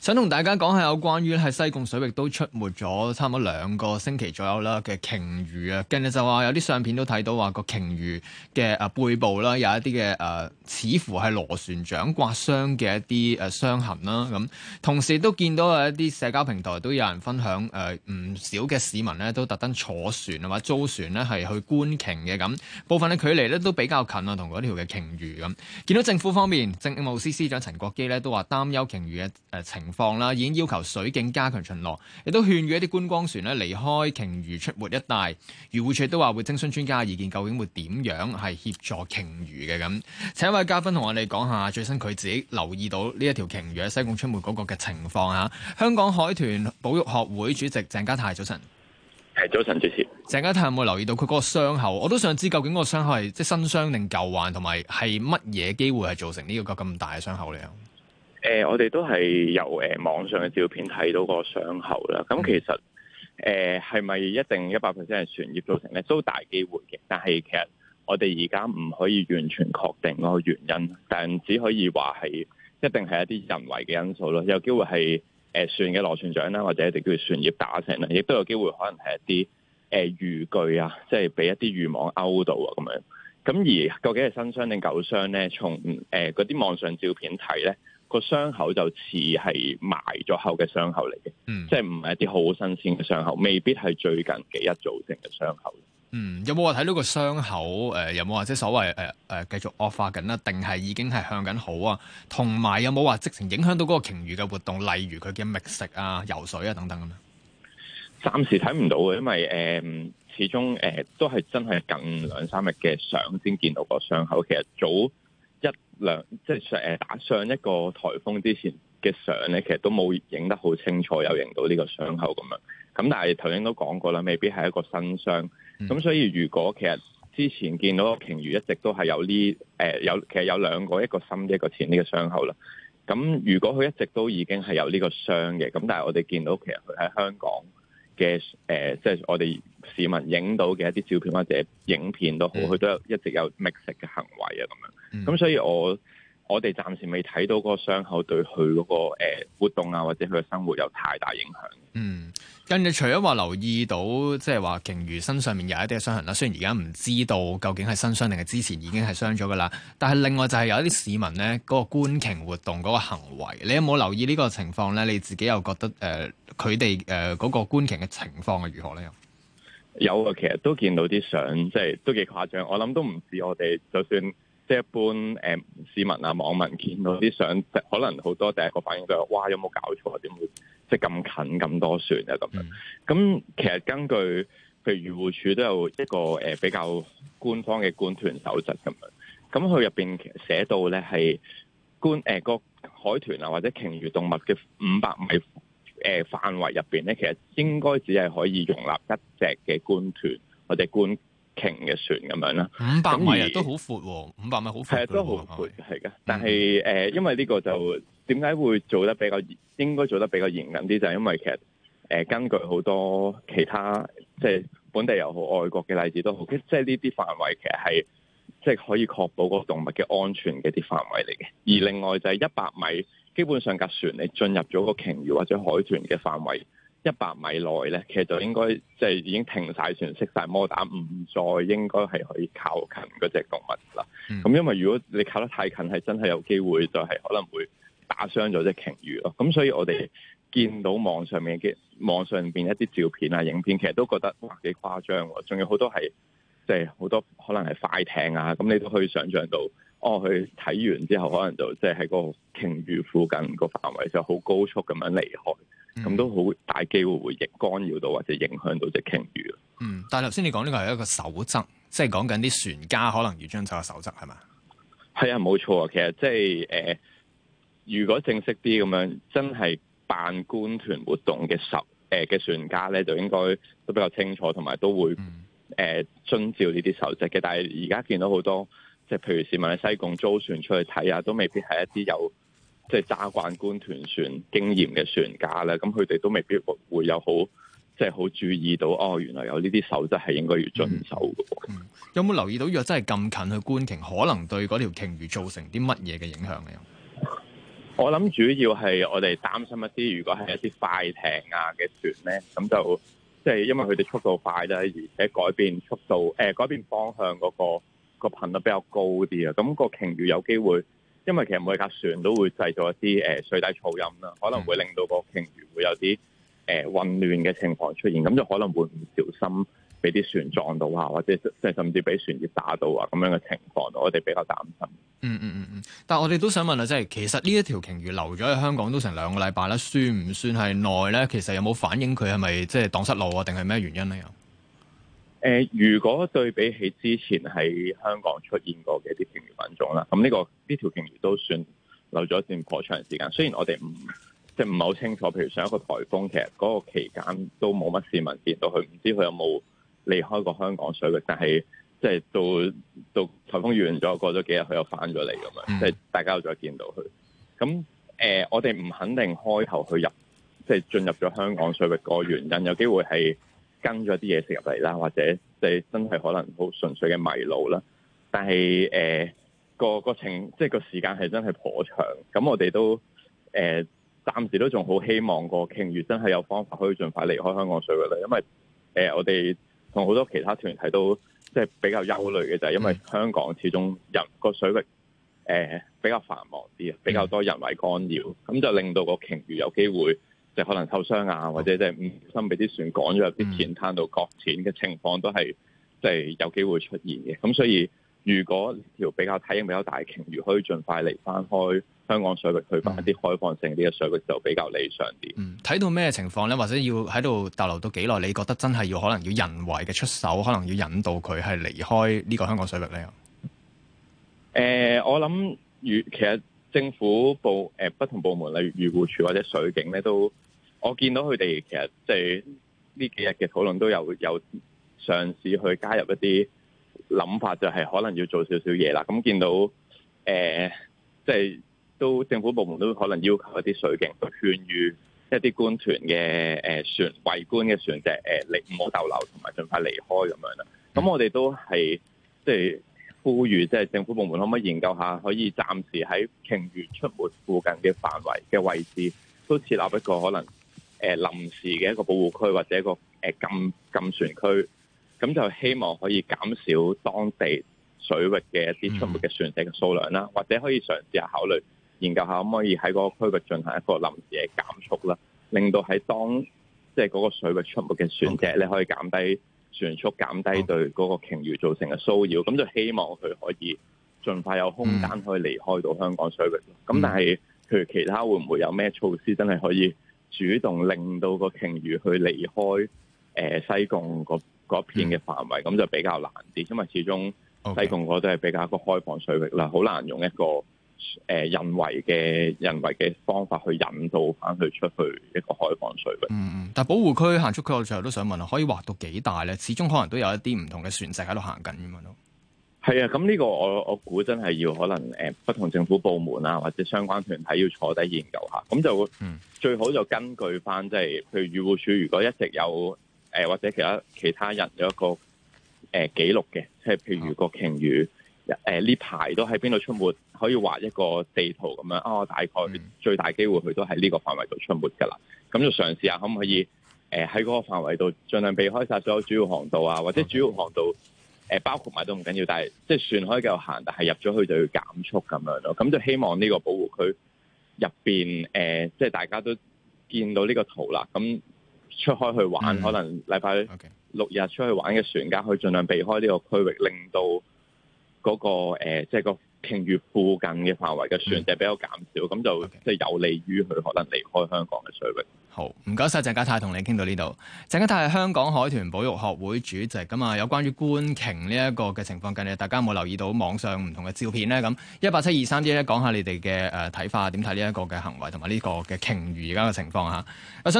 想同大家講下有關於喺西貢水域都出沒咗差唔多兩個星期左右啦嘅鯨魚啊，跟住就話有啲相片都睇到話個鯨魚嘅啊背部啦有一啲嘅誒似乎係螺旋槳刮傷嘅一啲誒傷痕啦，咁同時都見到有一啲社交平台都有人分享誒唔少嘅市民呢都特登坐船啊或租船呢係去觀鯨嘅咁，部分嘅距離呢都比較近啊同嗰條嘅鯨魚咁，見到政府方面政務司司長陳國基呢都話擔憂鯨魚嘅誒情況啦，已經要求水警加強巡邏，亦都勸喻一啲觀光船咧離開鯨魚出沒一帶。漁護署都話會徵詢專家意見，究竟會點樣係協助鯨魚嘅咁？請一位嘉賓同我哋講下最新佢自己留意到呢一條鯨魚喺西貢出沒嗰個嘅情況吓。香港海豚保育學會主席鄭家泰早晨，係早晨主持。鄭家泰有冇留意到佢嗰個傷口？我都想知究竟個傷口係即係新傷定舊患，同埋係乜嘢機會係造成呢個咁大嘅傷口咧？誒、呃，我哋都係由誒、呃、網上嘅照片睇到個傷口啦。咁其實誒係咪一定一百 percent 係船葉造成咧？都大機會嘅。但係其實我哋而家唔可以完全確定嗰個原因，但只可以話係一定係一啲人為嘅因素咯。有機會係誒、呃、船嘅螺旋槳啦，或者一定叫船葉打成啦，亦都有機會可能係一啲誒漁具啊，即係俾一啲漁網勾到啊，咁樣。咁而究竟係新傷定舊傷咧？從誒嗰啲網上照片睇咧。個傷口就似係埋咗口嘅傷口嚟嘅，即係唔係一啲好新鮮嘅傷口，未必係最近幾日造成嘅傷口。嗯，有冇話睇到個傷口？誒，有冇即係所謂誒誒繼續惡化緊啦？定係已經係向緊好啊？同埋有冇話直情影響到嗰個鯨魚嘅活動，例如佢嘅覓食啊、游水啊等等咁啊？暫時睇唔到嘅，因為誒，始終誒都係真係近兩三日嘅相先見到個傷口。其實早。一兩即係上誒打上一個颱風之前嘅相咧，其實都冇影得好清楚，有影到呢個傷口咁樣。咁但係頭先都講過啦，未必係一個新傷。咁、嗯、所以如果其實之前見到鯨魚一直都係有呢誒、呃、有其實有兩個一個深一個淺呢個傷口啦。咁如果佢一直都已經係有呢個傷嘅，咁但係我哋見到其實佢喺香港。嘅誒、呃，即係我哋市民影到嘅一啲照片或者影片都好，佢，mm. 都有一直有覓食嘅行為啊咁樣咁、mm. 所以我。我哋暫時未睇到個傷口對佢嗰個活動啊，或者佢嘅生活有太大影響。嗯，咁你除咗話留意到，即係話鯨魚身上面有一啲傷痕啦，雖然而家唔知道究竟係新傷定係之前已經係傷咗噶啦，但係另外就係有一啲市民呢，嗰個觀鯨活動嗰個行為，你有冇留意呢個情況呢？你自己又覺得誒，佢哋誒嗰個觀鯨嘅情況係如何呢？有啊，其實都見到啲相，即係都幾誇張。我諗都唔止我哋，就算。即係一般誒、呃、市民啊、網民見到啲相，可能好多第一個反應就係：哇，有冇搞錯？點會即係咁近咁多船啊？咁樣，咁其實根據譬如漁護署都有一個誒、呃、比較官方嘅官團守則咁樣，咁佢入邊其實寫到咧係觀誒個海豚啊或者鯨魚動物嘅五百米誒、呃、範圍入邊咧，其實應該只係可以容納一隻嘅官團或者官。鯨嘅船咁樣啦，五百米啊的都好闊，五百米好係啊都好闊，係噶是。但係誒，因為呢個就點解會做得比較嚴，應該做得比較嚴謹啲，就係、是、因為其實誒、呃，根據好多其他即係本地又好、外國嘅例子都好，即係呢啲範圍其實係即係可以確保個動物嘅安全嘅啲範圍嚟嘅。而另外就係一百米，基本上架船你進入咗個鯨魚或者海豚嘅範圍。一百米內咧，其實就應該即係已經停晒船，熄晒摩打，唔再應該係去靠近嗰隻動物啦。咁、嗯、因為如果你靠得太近，係真係有機會就係、係、可能會打傷咗隻鯨魚咯。咁所以我哋見到網上面嘅網上邊一啲照片啊、影片，其實都覺得哇幾誇張嘅。仲有好多係即係好多可能係快艇啊，咁你都可以想象到，哦，佢睇完之後，可能就即係喺個鯨魚附近個範圍就好高速咁樣離開。咁、嗯、都好大機會會干擾到或者影響到隻鯨魚。嗯，但係頭先你講呢個係一個守則，即係講緊啲船家可能要遵守嘅守則係嘛？係啊，冇錯啊。其實即係誒，如果正式啲咁樣，真係辦官團活動嘅守誒嘅船家咧，就應該都比較清楚，同埋都會誒、嗯呃、遵照呢啲守則嘅。但係而家見到好多即係譬如市民喺西貢租船出去睇啊，都未必係一啲有。即係揸慣觀團船經驗嘅船家咧，咁佢哋都未必會有好，即係好注意到哦。原來有呢啲守則係應該要遵守嘅。嗯，有冇留意到若真係咁近去觀鯨，可能對嗰條鯨魚造成啲乜嘢嘅影響啊？我諗主要係我哋擔心一啲，如果係一啲快艇啊嘅船咧，咁就即係因為佢哋速度快啦，而且改變速度誒、呃、改變方向嗰、嗰個、嗰個頻率比較高啲啊，咁、嗰個鯨魚有機會。因為其實每架船都會製造一啲誒、呃、水底噪音啦，可能會令到個鯨魚會有啲誒、呃、混亂嘅情況出現，咁就可能會唔小心俾啲船撞到啊，或者即係甚至俾船葉打到啊，咁樣嘅情況，我哋比較擔心。嗯嗯嗯嗯，但係我哋都想問下，即係其實呢一條鯨魚留咗喺香港都成兩個禮拜啦，算唔算係耐咧？其實有冇反映佢係咪即係蕩失路啊？定係咩原因咧？又？誒、呃，如果對比起之前喺香港出現過嘅一啲鯨魚品種啦，咁、嗯、呢、這個呢條鯨魚都算留咗一段好長時間。雖然我哋唔即係唔係好清楚，譬如上一個颱風，其實嗰個期間都冇乜市民見到佢，唔知佢有冇離開過香港水域，但係即係到到颱風完咗過咗幾日，佢又返咗嚟咁樣，即係大家再見到佢。咁誒，我哋唔肯定開頭去入即係進入咗香港水域個原因，有機會係。跟咗啲嘢食入嚟啦，或者即係、就是、真係可能好純粹嘅迷路啦。但係誒、呃、個個過程即係個時間係真係頗長，咁我哋都誒、呃、暫時都仲好希望個鯨魚真係有方法可以盡快離開香港水域啦。因為誒、呃、我哋同好多其他團體都即係比較憂慮嘅就係因為香港始終人個水域誒、呃、比較繁忙啲，啊，比較多人為干擾，咁就令到個鯨魚有機會。可能受傷啊，哦、或者即係唔小心俾啲船趕咗入啲淺灘度擱淺嘅情況都，都係、嗯、即係有機會出現嘅。咁所以，如果條比較體型比較大嘅鯨魚，如可以盡快離開香港水域，佢翻一啲開放性啲嘅水域、嗯、就比較理想啲。睇、嗯、到咩情況咧？或者要喺度逗留到幾耐？你覺得真係要可能要人為嘅出手，可能要引導佢係離開呢個香港水域咧？誒、呃，我諗預其實政府部誒、呃、不同部門，例如漁護署，署或者水警咧，都我見到佢哋其實即係呢幾日嘅討論都有有嘗試去加入一啲諗法，就係可能要做少少嘢啦。咁、嗯、見到誒，即、呃、係、就是、都政府部門都可能要求一啲水警去勸喻一啲觀團嘅誒船、圍觀嘅船隻誒，離唔好逗留同埋盡快離開咁樣啦。咁我哋都係即係呼籲，即係政府部門可唔可以研究下，可以暫時喺鯨魚出沒附近嘅範圍嘅位置都設立一個可能。誒、呃、臨時嘅一個保護區或者一個誒、呃、禁禁船區，咁就希望可以減少當地水域嘅一啲出沒嘅船隻嘅數量啦，嗯、或者可以嘗試下考慮研究下可唔可以喺嗰個區域進行一個臨時嘅減速啦，令到喺當即係嗰個水域出沒嘅船隻，你可以減低船速，減低對嗰個鯨魚造成嘅騷擾。咁就希望佢可以盡快有空間可以離開到香港水域。咁、嗯、但係，譬如其他會唔會有咩措施真係可以？主動令到個鯨魚去離開誒、呃、西貢個片嘅範圍，咁、嗯、就比較難啲，因為始終西貢嗰度係比較一個開放水域啦，好難用一個誒人為嘅人為嘅方法去引導翻佢出去一個開放水域。嗯、呃、嗯，但係保護區行出區，我最後都想問啊，可以劃到幾大咧？始終可能都有一啲唔同嘅船隻喺度行緊咁啊都。係啊，咁呢個我我估真係要可能誒、呃，不同政府部門啊，或者相關團體要坐低研究下。咁就、嗯、最好就根據翻，即係，譬如漁護署如果一直有誒、呃、或者其他其他人有一個誒記錄嘅，即、呃、係譬如個鯨魚誒呢排都喺邊度出沒，可以畫一個地圖咁樣啊、哦，大概最大機會佢都喺呢個範圍度出沒噶啦。咁就嘗試下可唔可以誒喺嗰個範圍度盡量避開晒所有主要航道啊，或者主要航道、嗯。誒包括埋都唔緊要，但係即係船可以繼續行，但係入咗去就要減速咁樣咯。咁就希望呢個保護區入邊誒即係大家都見到呢個圖啦。咁出開去玩，嗯，可能禮拜六日出去玩嘅船家去盡量避開呢個區域，令到嗰個誒即係個。呃就是那個鯨魚附近嘅範圍嘅船隻比較減少，咁、嗯、就即係有利於佢可能離開香港嘅水域。好，唔該晒，鄭家泰同你傾到呢度。鄭家泰係香港海豚保育學會主席噶嘛？有關於觀鯨呢一個嘅情況，近日大家有冇留意到網上唔同嘅照片咧？咁一八七二三一咧，講下你哋嘅誒睇法，點睇呢一個嘅行為同埋呢個嘅鯨魚而家嘅情況嚇。